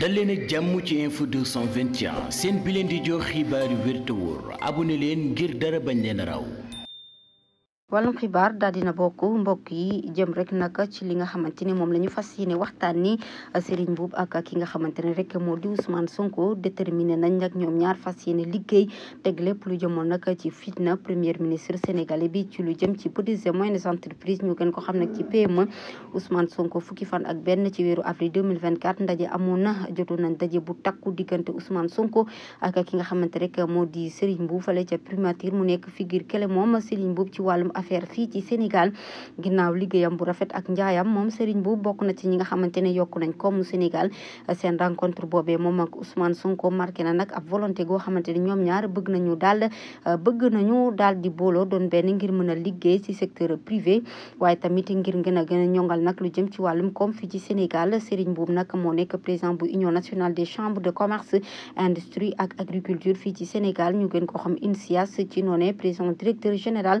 dal leen ak jàmm ci info 221 seen bi leen di jox xibaaru yu abu te leen ngir dara bañ leen raw wàllum xibaar daal dina bokk mbokk yi jëm rek nag ci li nga xamante ni moom la ñu fas yéene waxtaan ni Serigne Mboup ak ki nga xamante ne rek moo di Ousmane Sonko déterminé nañ nag ñoom ñaar fas yéene liggéey teg lépp lu jëmoon nag ci fitna premier ministre sénégalais bi ci lu jëm ci petites et moyennes entreprises gën ko xam nag ci PME Ousmane Sonko fukki fan ak benn ci weeru avril 2024 ndaje amoon na jotoon nañ ndaje bu takku diggante Ousmane Sonko ak ki nga xamante rek moo di Serigne Mboup fale ca primature mu nekk figure clé moom Serigne Mboup ci wàllum affaire fii ci Sénégal ginnaaw liggéeyam bu rafet ak njaayam moom Serigne bu bokk na ci ñi nga xamante ne yokku nañ koomu Sénégal seen rencontre boobee moom ak Ousmane Sonko marqué na nag a volonté goo xamante ne ñoom ñaar bëgg nañu daal bëgg nañu daal di booloo doon benn ngir mën a liggéey ci secteur privé waaye tamit ngir gën a gën a ñongal nag lu jëm ci wàllum koom fii ci Sénégal Serigne Boub nag moo nekk président bu Union national des chambres de commerce industrie ak agriculture fii ci Sénégal ñu gën ko xam INSIAS ci noonee président directeur général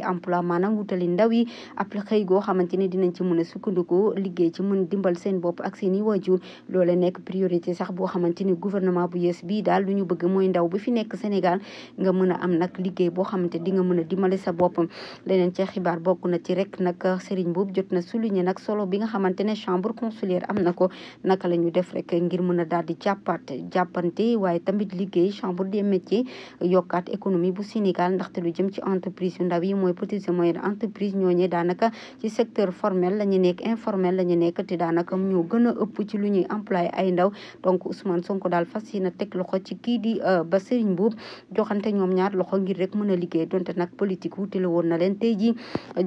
créer emploi maanaam wutali ndaw yi ab xëy goo xamante ne dinañ ci mën a sukkandiku liggéey ci mën dimbal seen bopp ak seen i waajur loole nekk priorité sax boo xamante ni gouvernement bu yees bii daal lu ñu a am nag liggéey boo xamante di nga mën a dimbale sa bopp leneen ci xibaar bokk na ci rek nag Serigne Boub jot na souligner nag solo bi nga xamante ne chambre consulaire am na ko naka la ñu def rek ngir mën a daal di jàppaat jàppante waaye tamit liggéey chambre des ndaxte lu jëm ci entreprise yu ndaw mooy petites et moyennes entreprises ñooñu daanaka ci secteur formel la ñu nekk informel la ñu nekk daanaka ñoo gën a ëpp ci lu ñuy employé ay ndaw donc Ousmane Sonko daal fas yéene teg loxo ci kii di euh, ba Serigne Mboup joxante ñoom ñaar loxo ngir rek mën a liggéey donte nag politique wutale na leen tey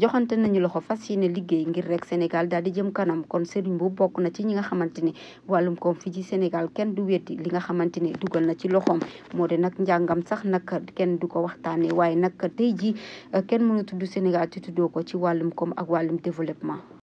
joxante nañu loxo fas liggéey ngir rek Sénégal daal di jëm kanam kon Serigne Mboup bokk na ci ñi nga xamante ni wàllum koom fii ci Sénégal kenn du wetti li nga xamante ni dugal na ci loxoom moo de nag njàngam sax nag kenn du ko kenn mëna tudd Sénégal te tuddoo ko ci wàllum koom ak wàllum développement